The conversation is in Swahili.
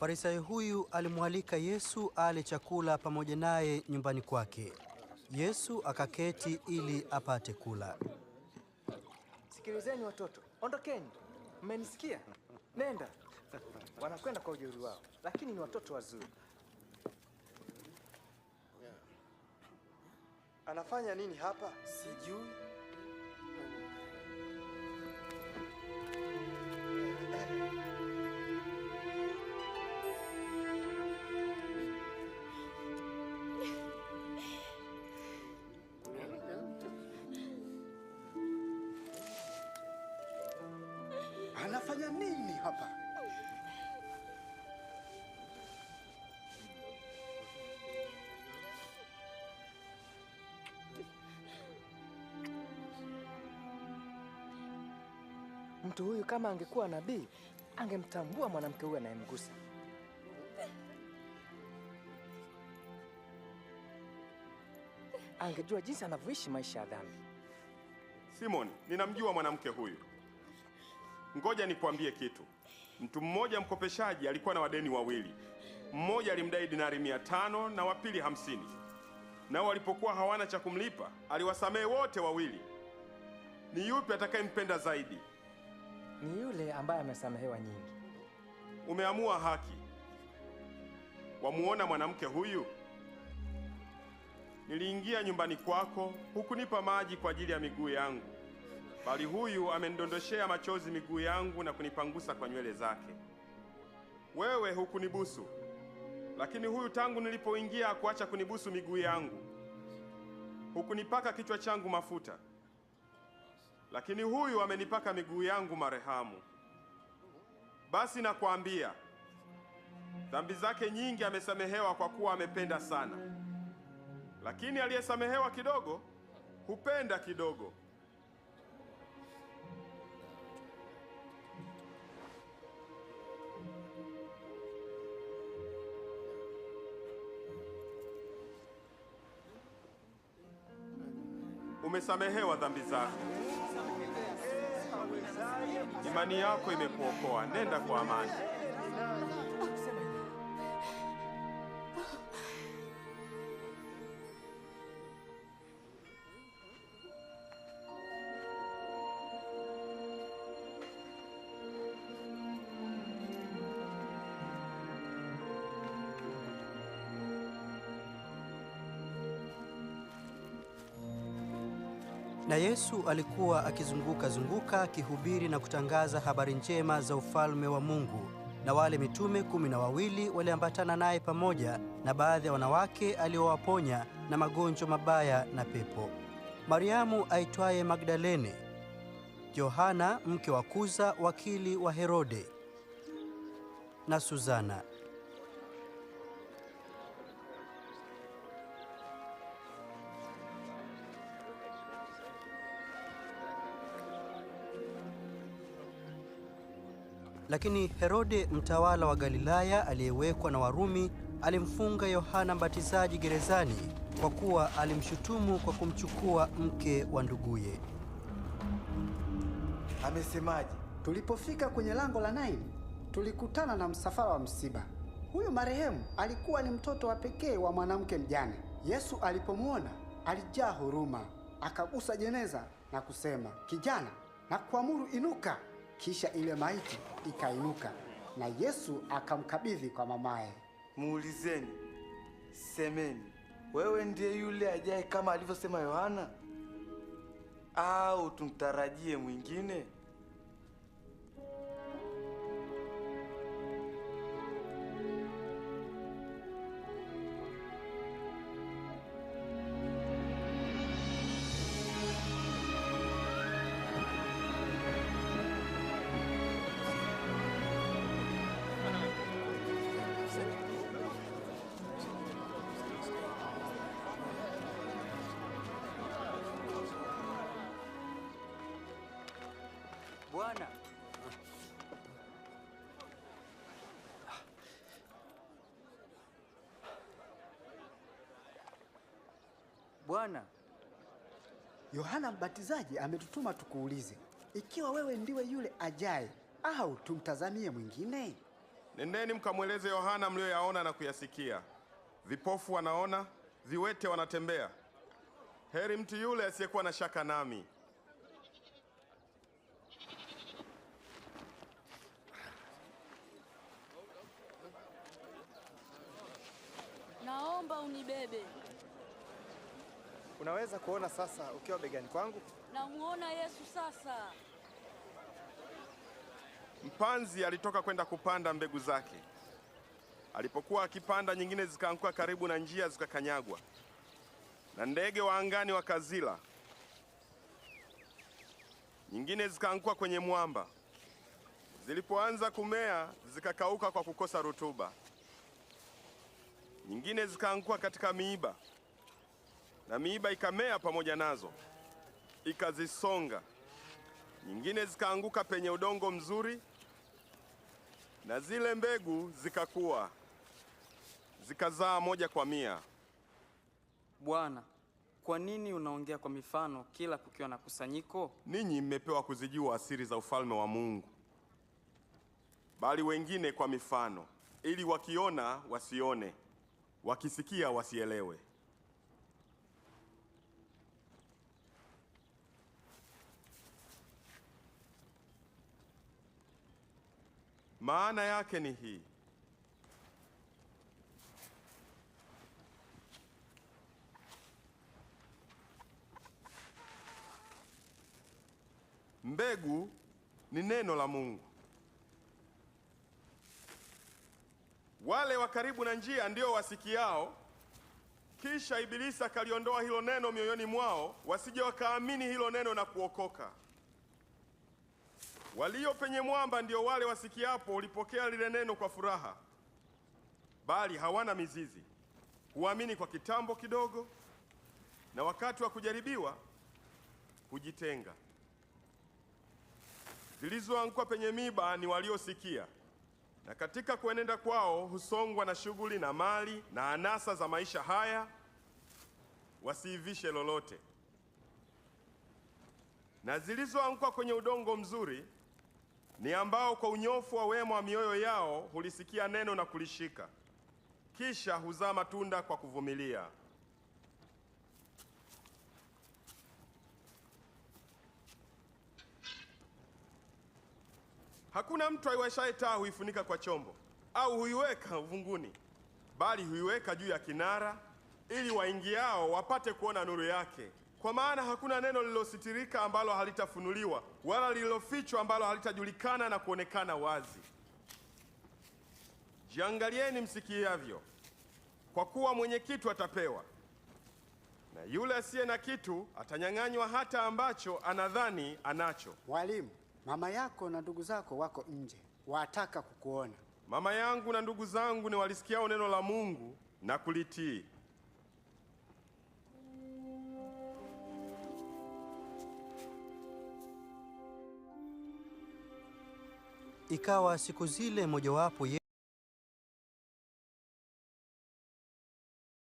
Farisayo huyu alimwalika Yesu ale chakula pamoja naye nyumbani kwake. Yesu akaketi ili apate kula. Sikilizeni watoto, ondokeni, mmenisikia? Nenda. Wanakwenda kwa ujeuri wao, lakini ni watoto wazuri. Anafanya nini hapa? Sijui. mtu huyu kama angekuwa nabii angemtambua mwanamke huyu anayemgusa. Angejua jinsi anavyoishi maisha ya dhambi. Simoni, ninamjua mwanamke huyu. Ngoja nikwambie kitu. Mtu mmoja mkopeshaji alikuwa na wadeni wawili. Mmoja alimdai dinari mia tano na wa pili hamsini. Nao walipokuwa hawana cha kumlipa, aliwasamehe wote wawili. Ni yupi atakayempenda zaidi? ni yule ambaye amesamehewa nyingi. Umeamua haki. Wamuona mwanamke huyu? Niliingia nyumbani kwako, hukunipa maji kwa ajili ya miguu yangu, bali huyu amenidondoshea machozi miguu yangu na kunipangusa kwa nywele zake. Wewe hukunibusu, lakini huyu tangu nilipoingia hakuacha kunibusu miguu yangu. Hukunipaka kichwa changu mafuta lakini huyu amenipaka miguu yangu marehamu. Basi nakwambia, dhambi zake nyingi amesamehewa, kwa kuwa amependa sana. Lakini aliyesamehewa kidogo hupenda kidogo. Umesamehewa dhambi zako. Imani yako imekuokoa, nenda kwa amani. Na Yesu alikuwa akizunguka zunguka akihubiri na kutangaza habari njema za ufalme wa Mungu, na wale mitume kumi na wawili waliambatana naye pamoja na baadhi ya wanawake aliowaponya na magonjwa mabaya na pepo: Mariamu aitwaye Magdalene, Yohana mke wa Kuza wakili wa Herode, na Suzana. Lakini Herode mtawala wa Galilaya aliyewekwa na Warumi alimfunga Yohana Mbatizaji gerezani kwa kuwa alimshutumu kwa kumchukua mke wa nduguye. Amesemaje? Tulipofika kwenye lango la Naini, tulikutana na msafara wa msiba. Huyu marehemu alikuwa ni mtoto wa pekee wa mwanamke mjane. Yesu alipomwona alijaa huruma, akagusa jeneza na kusema, kijana, na kuamuru inuka. Kisha ile maiti ikainuka na Yesu akamkabidhi kwa mamaye. Muulizeni, semeni, wewe ndiye yule ajaye kama alivyosema Yohana, au tumtarajie mwingine? Bwana, Yohana Mbatizaji ametutuma tukuulize ikiwa wewe ndiwe yule ajaye au tumtazamie mwingine. Nendeni mkamweleze Yohana mliyoyaona na kuyasikia, vipofu wanaona, viwete wanatembea. Heri mtu yule asiyekuwa na shaka nami. Naomba unibebe. Unaweza kuona sasa ukiwa begani kwangu. Namuona Yesu sasa. Mpanzi alitoka kwenda kupanda mbegu zake. Alipokuwa akipanda, nyingine zikaanguka karibu na njia, zikakanyagwa na ndege wa angani wakazila. Nyingine zikaanguka kwenye mwamba, zilipoanza kumea zikakauka kwa kukosa rutuba. Nyingine zikaanguka katika miiba na miiba ikamea pamoja nazo ikazisonga, nyingine zikaanguka penye udongo mzuri, na zile mbegu zikakua zikazaa moja kwa mia. Bwana, kwa nini unaongea kwa mifano kila kukiwa na kusanyiko? Ninyi mmepewa kuzijua asiri za ufalme wa Mungu, bali wengine kwa mifano, ili wakiona wasione, wakisikia wasielewe. Maana yake ni hii: mbegu ni neno la Mungu. Wale wa karibu na njia ndio wasikiao, kisha Ibilisi akaliondoa hilo neno mioyoni mwao, wasije wakaamini hilo neno na kuokoka. Walio penye mwamba ndio wale wasikiapo ulipokea lile neno kwa furaha, bali hawana mizizi, huamini kwa kitambo kidogo, na wakati wa kujaribiwa hujitenga. Zilizoanguka penye miba ni waliosikia, na katika kuenenda kwao husongwa na shughuli na mali na anasa za maisha haya, wasiivishe lolote. Na zilizoanguka kwenye udongo mzuri ni ambao kwa unyofu wa wema wa mioyo yao hulisikia neno na kulishika, kisha huzaa matunda kwa kuvumilia. Hakuna mtu aiwashaye taa huifunika kwa chombo au huiweka uvunguni, bali huiweka juu ya kinara, ili waingiao wapate kuona nuru yake. Kwa maana hakuna neno lililositirika ambalo halitafunuliwa, wala lililofichwa ambalo halitajulikana na kuonekana wazi. Jiangalieni msikiavyo, kwa kuwa mwenye kitu atapewa, na yule asiye na kitu atanyang'anywa hata ambacho anadhani anacho. Mwalimu, mama yako na ndugu zako wako nje, wataka kukuona. Mama yangu na ndugu zangu ni walisikiao neno la Mungu na kulitii. Ikawa siku zile mojawapo